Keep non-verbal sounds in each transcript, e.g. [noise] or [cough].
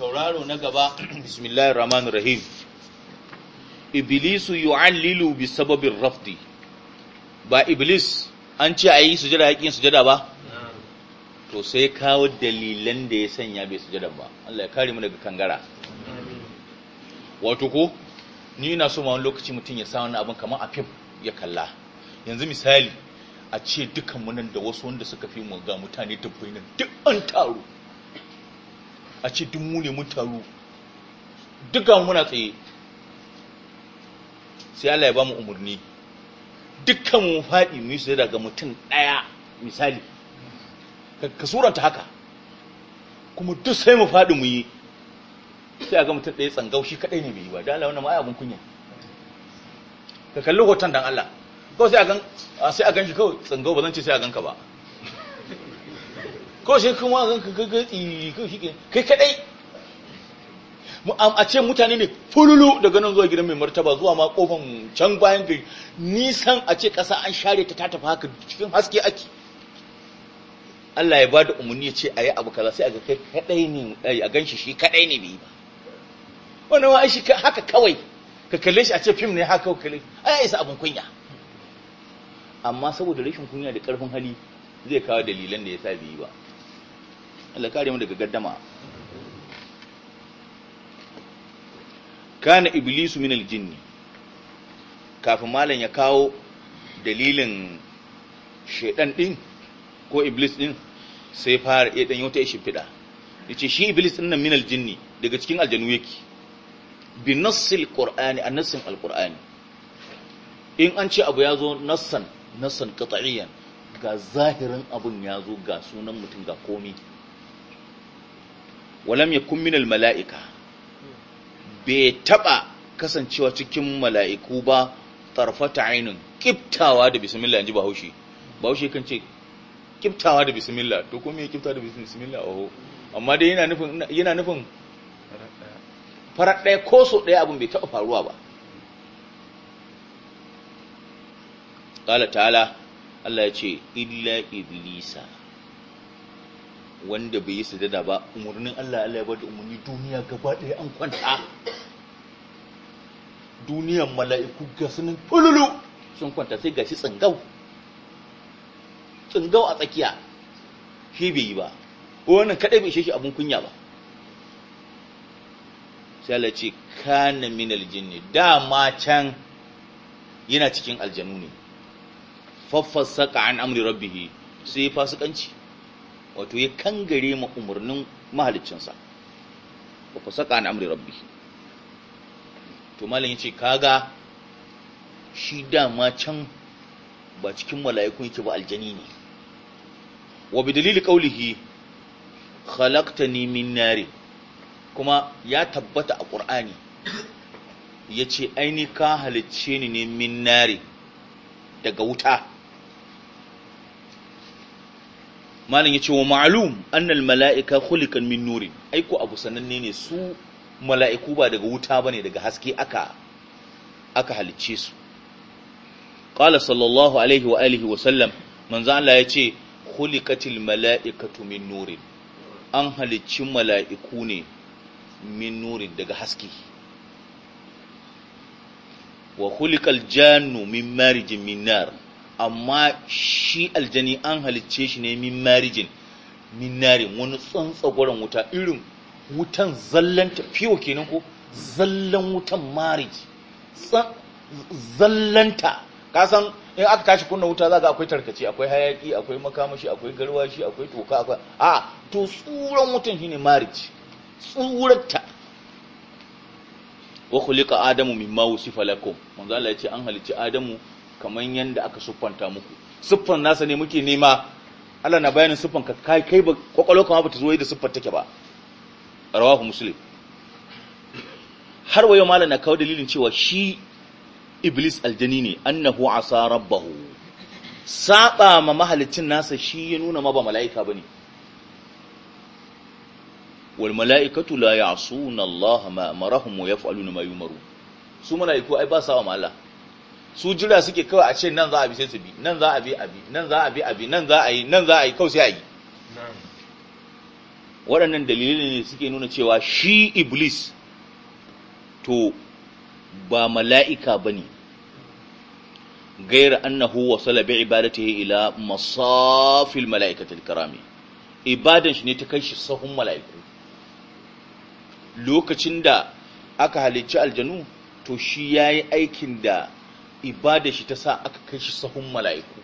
tauraro na gaba [clears throat] bismillahir rahmanir rahim iblisu yu'allilu bi sababin rafdi ba iblis an ce ayi sujada yakin sujada ba to sai kawo dalilan da ya sanya bai sujada ba Allah ya kare mu daga kangara wato ko ni ina so ma wani lokaci mutum ya sa abin kamar a ya kalla yanzu misali a ce dukan nan da wasu wanda suka fi mu ga mutane dubbai nan duk an taro a ce mu ne mun taru dukkan muna tsaye sai Allah ya ba mu umarni dukkan mu faɗi mu yi su daga mutum ɗaya misali ka suranta haka kuma duk sai mu faɗi mu yi sai a ga mutum ɗaya tsangau shi kaɗai ne mai yi ba da Allah wannan ma abin kunya ka kalli hoton don Allah kawai sai a sai a gan shi kawai tsangau ba zan ce sai a gan ka ba ko shi kan wa ganka gatsi kan shi kai kadai a ce mutane ne fululu daga nan zuwa gidan mai martaba zuwa ma kofan can bayan gari nisan a ce kasa an share ta tafi haka cikin haske ake Allah ya ba da umarni ya ce a yi abu kaza sai a ga kai kadai ne a gan shi shi kadai ne bai ba wannan wa shi haka kawai ka kalle shi a ce fim ne haka kalle ai isa abun kunya amma saboda rashin kunya da karfin hali zai kawo dalilan da ya sa bai yi ba Allah kare mu daga gaddama kana iblisu min aljinni kafin malam ya kawo dalilin shedan din ko iblis din sai fara ya danyo ta shimfida yace shi iblis din nan min aljinni daga cikin aljanu yake bi nassil qur'ani an nassin alqur'ani in an ce abu yazo nassan nassan qat'iyan ga zahirin abun yazo ga sunan mutum ga komi walam kun minal mala'ika bai taba kasancewa cikin mala'iku ba tarfata ainihin kiftawa da bisimila ba haushi bahaushe bahaushe kan ce kiftawa da bisimila. to kuma ya kiftawa da a oho amma dai yana nufin yana nufin farar ɗaya ko so ɗaya abin bai taɓa faruwa ba ƙala ta'ala Allah ya ce illa iblisa wanda bai yi sujada ba umarnin Allah Allah ya bada umarni duniya gaba ɗaya an kwanta duniyan mala'iku ga sunan fululu sun kwanta sai gashi tsangau, tsangau a tsakiya shi bai yi ba wannan kadai bai ishe shi abun kunya ba sai Allah ce kana min aljinni dama can yana cikin aljanu ne faffasaka an amri rabbihi sai fasikanci wato ya kangare ma umarnin mahaliccinsa ba fa saka amri rabbi to malin yace kaga shi ma can ba cikin mala'ikun yake ba aljani ne wa bi dalili qawlihi khalaqtani min nari kuma ya tabbata a qur'ani yace aini ka halicce ni ne min nari daga wuta malam ya ce wa ma'lum annal mala'ika hulikan min nurin aiko abu sananne ne su mala'iku ba daga wuta ba ne daga haske aka halice su ƙala sallallahu alaihi wa alihi wa sallam manzo Allah yace khuliqatil mala'ikatu min nurin an halicci mala'iku ne min nurin daga haske wa hulikal jannu min marijin min amma shi aljani an halicce shi ne min marijin min nari wani tsantsagoran wuta irin wutan zallan fiyo kenan ko zallan wutan mariji zallanta ka san in aka tashi kunna wuta za ga akwai tarkace akwai hayaki akwai makamashi akwai garwashi akwai toka akwai a to tsuran wutan shine mariji tsurarta wa khuliqa adamu mimma wusifa lakum manzo Allah ya ce an halicci adamu kamar yadda aka siffanta muku siffan nasa ne muke nema Allah na bayanin siffan ka kai kai ba kwakwalwa kama bata zo da siffar take ba rawahu musulun har wayo malam na kawo dalilin cewa shi iblis aljani ne annahu asa rabbahu saba ma mahalicin nasa shi ya nuna ma ba mala'ika bane wal mala'ikatu la ya'suna Allah ma amarahum wa yaf'aluna ma yumaru su mala'iku ai ba sawa wa Allah su jira suke kawai a ce nan za a bi sai su bi nan za a bi a nan za a bi a nan za a yi nan za a yi kawai sai a yi waɗannan dalilin ne suke nuna cewa shi iblis to ba mala'ika ba ne gaira annahu wasala bi ya ila masafil mala'ikatil karami ibadan shi ne ta kai shi sahun mala'iku lokacin da aka halicci aljanu to shi ya yi aikin da ibada shi ta sa aka kai shi sahun mala'iku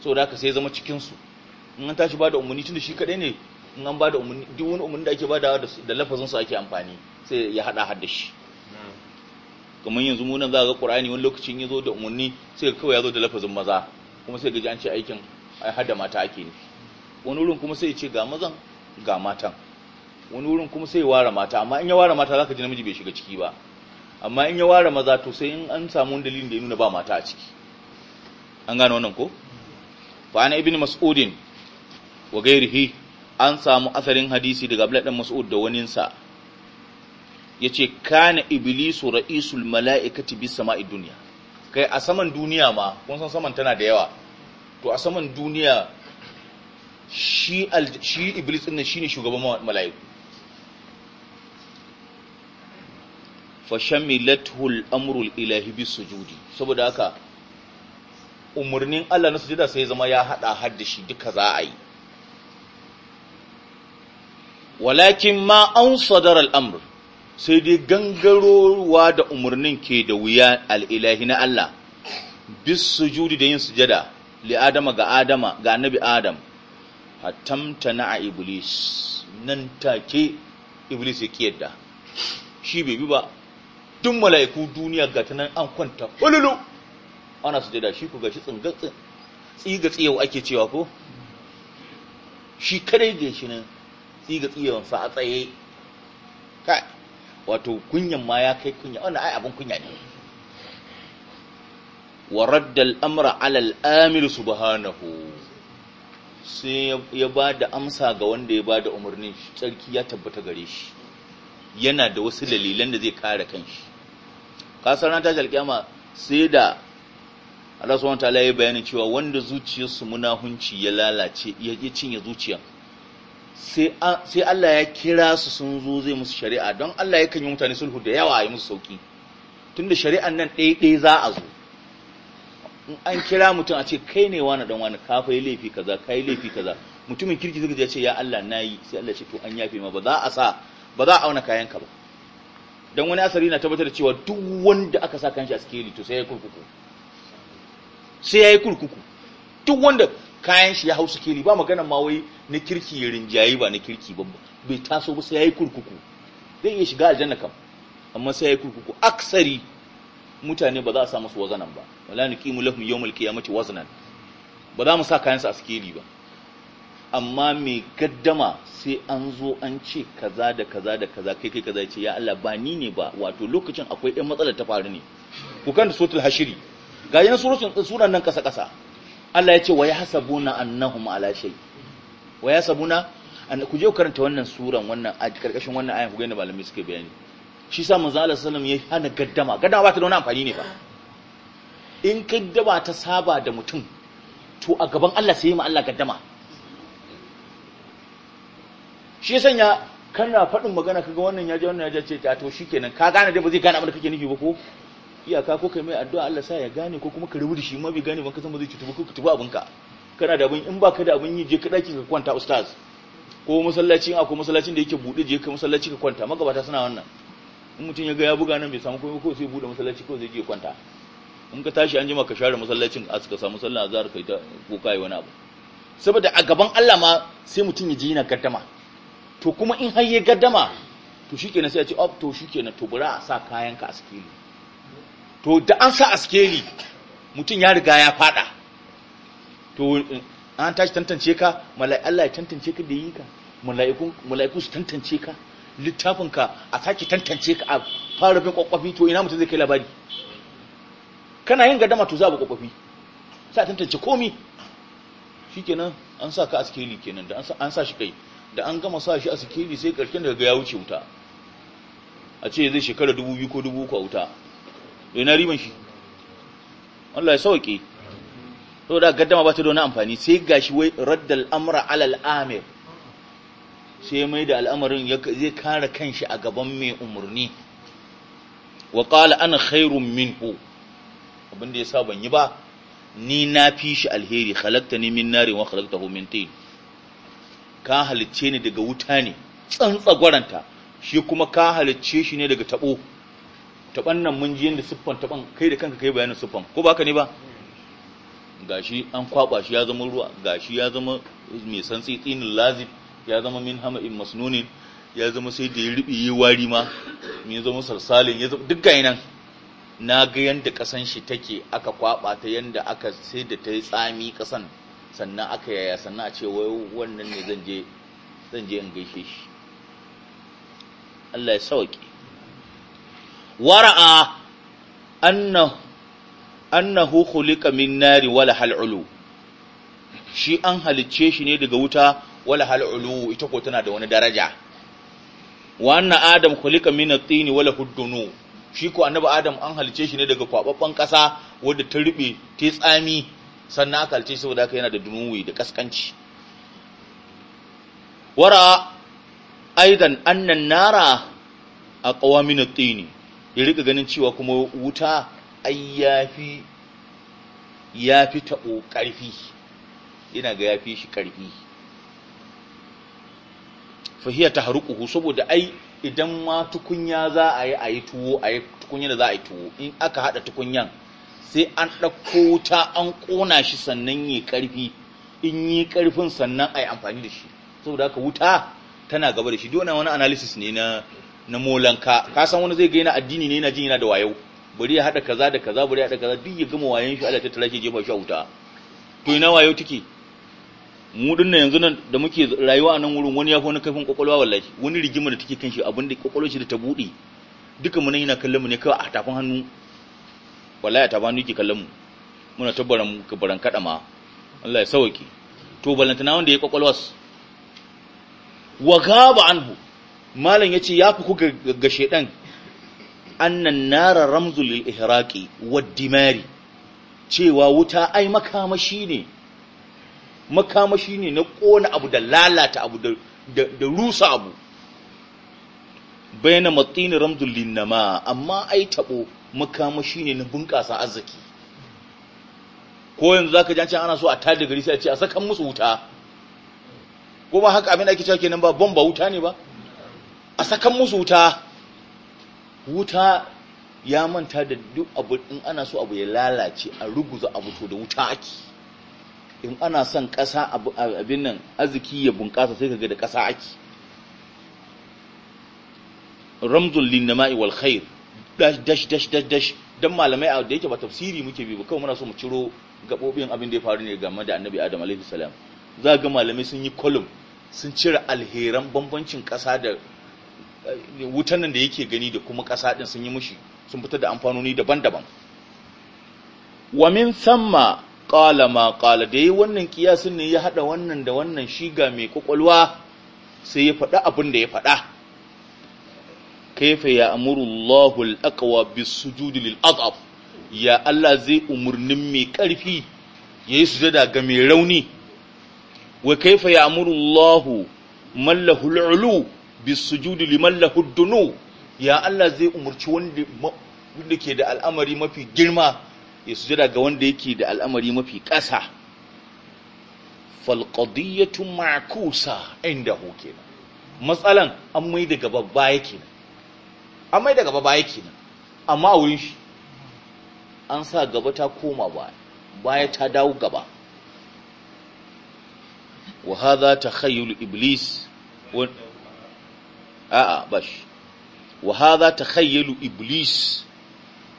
so da aka sai zama cikinsu in an tashi ba da umarni tun da shi kaɗai ne in an ba da umarni duk wani umarni da ake ba da lafazinsu ake amfani sai ya haɗa har shi kamar yanzu munan za a ga ƙura'ani wani lokacin ya zo da umarni sai kawai ya zo da lafazin maza kuma sai gaji an ce aikin har da mata ake ne wani wurin kuma sai ya ce ga mazan ga matan wani wurin kuma sai ya ware mata amma in ya ware mata za ka ji namiji bai shiga ciki ba amma in ya ware maza to sai in an samu dalilin da ya nuna ba mata a ciki an gane wannan ko fa ana mas'udin wa gairihi an samu asarin hadisi daga abdullah dan mas'ud da sa yace kana iblisu ra'isul mala'ikati bis sama'i dunya kai a saman duniya ma kun san saman tana da yawa to a saman duniya shi iblis din shine shugaban mala'iku fashamilatul amrul ilahi bisujudi sujudi saboda haka umurnin Allah na sujada sai zama ya hada haddashi shi duka za a yi walakin ma an sadar al'amur, sai dai gangarowa da umarnin ke da wuya al'ilahi na Allah bis sujudi da yin sujada li adama ga adama ga annabi adam hatamta na a iblis nan take iblis ya ki yadda shi bai bi ba duk mala'iku duniya ga ta nan an kwanta hululu ana jada shi ku ga shi tsingatsin tsiga tsiyau ake cewa ko shi kare ga shi nan tsiga tsiyawan sa a tsaye kai wato kunyan ma ya kai kunya wannan ai abin kunya ne wa radda amra ala al'amir subhanahu sai ya ba da amsa ga wanda ya ba da umarnin sarki ya tabbata gare shi yana da wasu dalilan da zai kare kanshi kasar ran tashi alkiyama sai da Allah subhanahu wataala ya bayanin cewa wanda zuciyarsu munahunci ya lalace ya cinye zuciyar sai Allah ya kira su sun zo zai musu shari'a don Allah yakan yi mutane sulhu da yawa yi musu sauki tunda shari'an nan ɗaiɗai za a zo an kira mutum a ce kai ne wani dan wani kafa yi laifi kaza kai laifi kaza mutumin kirki zai ce ya Allah na yi sai Allah ce to an yafe ma ba za a sa ba za a auna kayanka ba don wani asali na tabbatar da cewa duk wanda aka sa kanshi a sikeli to sai ya yi kurkuku sai ya yi kurkuku duk wanda kayan shi ya hau sikeli ba magana ma wai na kirki ya rinjayi ba na kirki ba bai taso ba sai ya yi kurkuku zai iya shiga aljanna kam amma sai ya yi kurkuku aksari mutane ba za a sa musu wazanan ba wala nuqimu lahum yawmal qiyamati waznan ba za mu sa kayan a sikeli ba amma mai gaddama sai an zo an ce kaza da kaza da kaza kai kai kaza ya ce ya Allah ba ni ne ba wato lokacin akwai ɗan matsalar ta faru ne ku kan suratul hashiri ga yana surutun suran nan kasa kasa Allah ya ce wa yahsabuna annahum ala shay wa yahsabuna ku je ku karanta wannan suran wannan a karkashin wannan ayan ku ga yadda malami suke bayani shi sa manzo Allah sallallahu alaihi wasallam ya hana gaddama gaddama ba ta da wani amfani ne ba in gaddama ta saba da mutum to a gaban Allah sai yi ma Allah gaddama shi ya sanya kana faɗin magana kaga wannan ya ji wannan ya ce ta to shikenan ka gane dai ba zai gane abin da kake nufi ba ko iyaka ko kai mai addu'a Allah sa ya gane ko kuma ka rubuta shi ma bai gane ba ka san ba zai cutu ko ka tuba abinka kana da abin in baka da abin yi je ka daki ka kwanta ustaz ko masallacin in masallacin da yake bude je ka masallaci ka kwanta magabata suna wannan in mutum ya ga ya buga nan bai samu komai ko sai bude masallaci ko zai je kwanta in ka tashi an jima ka share masallacin a suka samu sallah azhar kai ta ko kai wani abu saboda a gaban Allah ma sai mutum ya ji yana kaddama to kuma in har ya gaddama to shi kenan sai ya ce oh to shi kenan to bura a sa kayanka a sikeli to da an sa a sikeli mutum ya riga ya fada to eh, an tashi tantance ka mala'i Allah ya tantance ka da yi ka mala'iku su tantance ka littafinka a sake tantance ka a fara bin kwakwafi to ina mutum zai kai labari kana yin gadama to za a kwakwafi sa tantance komi kenan an sa ka askeli kenan da an sa shi kai da an gama sa shi a sikiri sai karshen daga ya wuce wuta a ce zai shekara dubu biyu ko dubu uku wuta da yana riban shi Allah ya sauke da gaddama ba ta da wani amfani sai ga shi wai raddal amra alal amir sai mai da al'amarin zai kare shi a gaban mai umarni wa qala ana khairun minhu abinda yasa ban yi ba ni na fi shi alheri ne min nare wa khalaqtahu min ka halicce ni daga wuta ne tsantsagwaranta shi kuma ka halicce shi ne daga tabo taban nan mun ji yanda siffan taban kai da kanka kai bayanin siffan ko ba ka ne ba gashi an kwaba shi ya zama ruwa gashi ya zama mai santsi tsinin lazib ya zama min hama in masnuni ya zama sai da ya yi wari ma ya zama sarsalin ya zama duk ga nan na ga yanda kasan shi take aka kwaba ta yanda aka sai da ta yi tsami kasan sannan aka yaya sannan a ce wai wannan ne zan je zan je in gaishe shi Allah ya sauke wara'a annahu annahu khuliqa min nari wala hal'ulu shi an halicce shi ne daga wuta wala hal'ulu ita ko tana da wani daraja wa anna adam khuliqa min at-tin wala hudunu. shi ko annabi adam an halicce shi ne daga kwababban kasa wadda ta rube ta tsami sannan aka halce saboda ka yana da dunuwi da kaskanci wara aidan annan nara a qawamin at-tini ya rika ganin cewa kuma wuta ai ya fi taɓo ƙarfi yana ga ya fi shi ƙarfi ta tahruquhu saboda ai idan ma tukunya za a yi tuwo a yi tukunya da za a yi tuwo in aka haɗa tukunyan sai an ɗauko wuta an ƙona shi sannan yi ƙarfi in yi ƙarfin sannan a yi amfani da shi saboda haka wuta tana gaba da shi dole wani analysis ne na na molanka ka san wani zai ga yana addini ne yana jin yana da wayo bari ya haɗa kaza da kaza bari ya haɗa kaza duk ya gama wayan shi Allah ta tara shi jefa shi a wuta to ina wayo take mu din nan yanzu nan da muke rayuwa a nan wurin wani ya fi wani kaifin kwakwalwa wallahi wani rigima da take kan shi abin da kwakwalwar shi da ta bude duka mu nan yana kallon mu ne kawai a tafin hannu wallahi ta banu ki kallon mu muna tabbaran mu baran kada ma Allah ya sauke to balantana wanda ya su. wa gaba anhu malam yace ya fi kuka ga shedan annan nara ramzul lil ihraqi wad dimari cewa wuta ai makamashi ne makamashi ne na kona abu da lalata abu da rusa abu baina matini ramzul linnama amma ai tabo shi ne na bunƙasa arziki ko yanzu za ji an ce ana so a da gari sai a ce a sakan musu wuta ko ba haka abin da ake cewa kenan ba bomba wuta ne ba a sakan musu wuta wuta ya manta da duk abu in ana so abu ya lalace a ruguza abu to da wuta ake in ana son ƙasa abin nan arziki ya bunƙasa sai ga da ƙasa ake ramzul linnama'i wal khair dash dash dash dash dash dan malamai a da yake ba tafsiri muke bi ba kawai muna so mu ciro gabobin abin da ya faru ne game da annabi adam alaihi salam za ga malamai sun yi kwalum sun cire alheran bambancin ƙasa da eh, wutan nan da yake gani da kuma ƙasa din sun yi mushi sun fitar da amfanoni daban-daban wa min thamma qala ma qala dai wannan kiyasin ne ya hada wannan da wannan shiga mai kwakwalwa sai ya faɗa abin da ya faɗa kaifa ya amuru Allahu al-aqwa bis-sujudi lil-adhaf ya Allah zai umurnin mai karfi yayi sujada ga mai rauni wa kaifa ya amuru Allahu man lahu al-ulu bis-sujudi liman lahu ad-dunu ya Allah zai umurci wanda wanda ke da al'amari mafi girma ya sujada ga wanda yake da al'amari mafi ƙasa falqadiyatu ma'kusa indahu kenan matsalan an mai daga gaba baya kenan an mai da gaba baya kenan amma a wurin shi an sa gaba ta koma baya baya ta dawo gaba wa hadha takhayyul iblis bash wa hadha iblis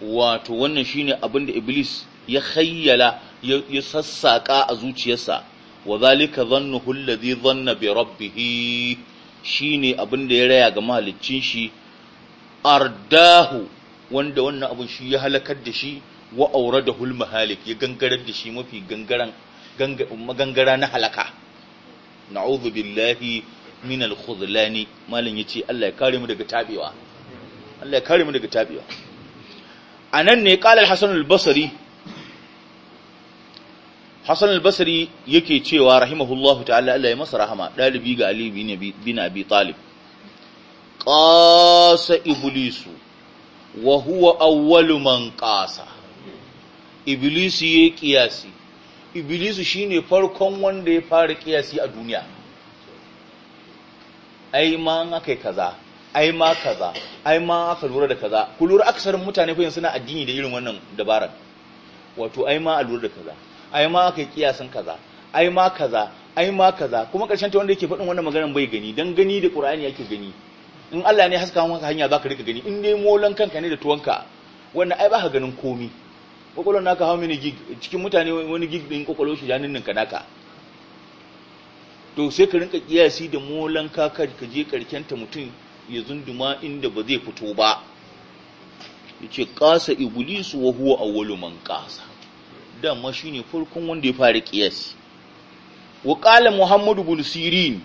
wato wannan shine abin da iblis ya khayyala ya sassaka a zuciyarsa wa zalika dhannuhu alladhi dhanna bi rabbih shine abin da ya raya ga mahaliccin shi ardahu wanda wannan abun shi ya halakar da shi wa auradahu almahalik ya gangarar da shi mafi gangaran gangara na halaka na'udhu billahi min alkhudlani mallan yace Allah ya kare mu daga tabewa Allah ya kare mu daga tabewa anan ne qala al-hasan al-basri Hassan al-Basri yake cewa rahimahullahu ta'ala Allah ya masa rahama dalibi ga Ali bin Abi Talib ƙasa iblisu wa huwa awwalu man ƙasa iblisu ya ƙiyasi iblisu shine farkon wanda ya fara ƙiyasi a duniya ai ma an aka yi kaza ai ma kaza ai ma aka lura da kaza ku lura aksarin mutane fa suna addini da irin wannan dabarar wato ai ma a lura da kaza ai ma aka yi kiyasin kaza ai ma kaza ai ma kaza kuma karshen ta wanda yake faɗin wannan maganar bai gani dan gani da Qur'ani yake gani in Allah ne haska maka hanya zaka rika gani in dai molan kanka ne da tuwanka wannan ai baka ganin komi kokolon naka how many gig cikin mutane wani gig din kokolon shi janin ninka naka to sai ka rinka kiyasi da molan kaka ka je karken ta mutum ya zunduma inda ba zai fito ba yace qasa iblisu wa huwa awwalu man qasa ma shine farkon wanda ya fara kiyasi wa qala muhammadu bin sirin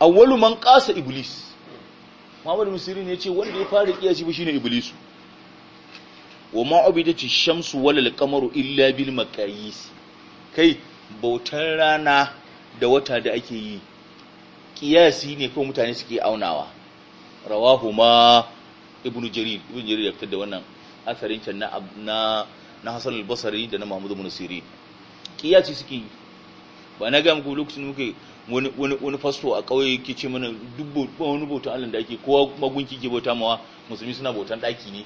awwalu man qasa iblis Muhammadu Musirin ya ce wanda ya fara kiyashi shi ne Iblisu wa ce shamsu wala qamaru illa bil maqayis kai bautar rana da wata da ake yi kiyasi ne ko mutane suke aunawa rawahu ma ibn jarir ibn jarir ya fitar da wannan asarin can na na na al basari da na Muhammadu Musirin. kiyasi suke yi ba na ga muku lokacin muke wani wani fasto a ƙauye yake ce mana duk wani bautan Allah da ake kowa magunki ke bauta mawa musulmi suna bautan daki ne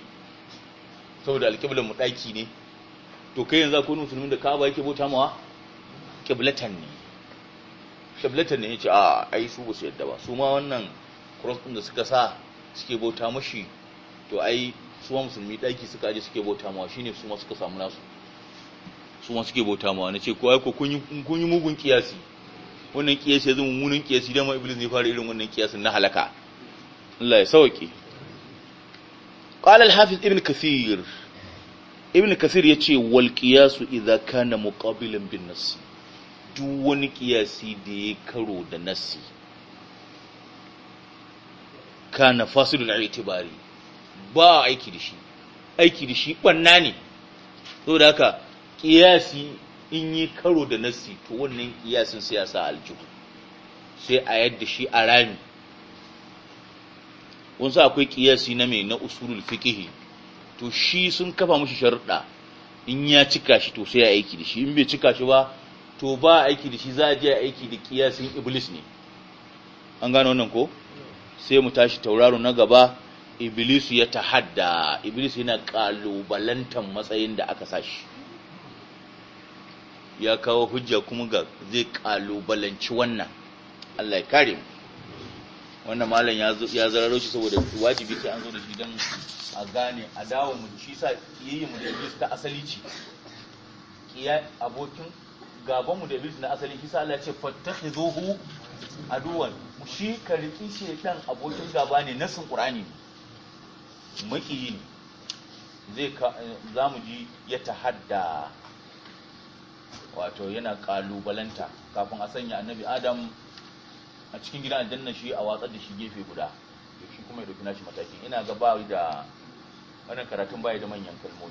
saboda alƙiblar mu daki ne to kai yanzu akwai musulmin da Ka'aba yake bauta mawa ƙiblatan ne ƙiblatan ne yace a ai su ba su yadda ba su ma wannan cross din da suka sa suke bauta mashi to ai su ma musulmi daki suka aje suke bauta mawa shine su ma suka samu nasu su ma suke bauta mawa nace ko ai ko kun yi mugun kiyasi wannan kiyasi ya zama munin kiyasi ma iblis ne fara irin wannan kiyasin na halaka Allah ya sauke qala al-hafiz ibn kathir ibn kathir yace wal qiyasu ka kana muqabilan bin nas duk wani kiyasi da ya karo da nasi kana fasidul al-i'tibari ba aiki da shi aiki da shi banna ne saboda haka kiyasi in yi karo da nasi to wannan kiyasin siyasa ya aljihu sai a yadda shi a rami sa akwai kiyasi na mai na usulul fikihi to shi sun kafa mashi sharuɗa in ya cika shi to sai ya aiki da shi in bai cika shi ba to ba aiki da shi za a je aiki da kiyasin iblis ne an gano wannan ko sai mu tashi tauraro na gaba Iblis ya tahadda iblis yana ƙalubalantan matsayin da aka sa shi ya kawo hujja kuma ga zai kalubalanci wannan Allah ya kare mu wannan malam ya zararo shi saboda wajibi sai an zo da shi don a gane a dawo mu shi sa yayi mu da Iblis ta asali ce kiya abokin gaban mu da Iblis na asali shi sa Allah ya ce fattakhizuhu aduwan shi ka riki shedan abokin gaba ne sun Qur'ani makiyi ne zai za mu ji ya tahadda wato yana kalubalanta kafin a sanya annabi adam a cikin gidan aljanna shi a watsar da shi gefe guda shi kuma ya dauki nashi matakin ina ga bayi da wannan karatun bayi da manyan kalmomi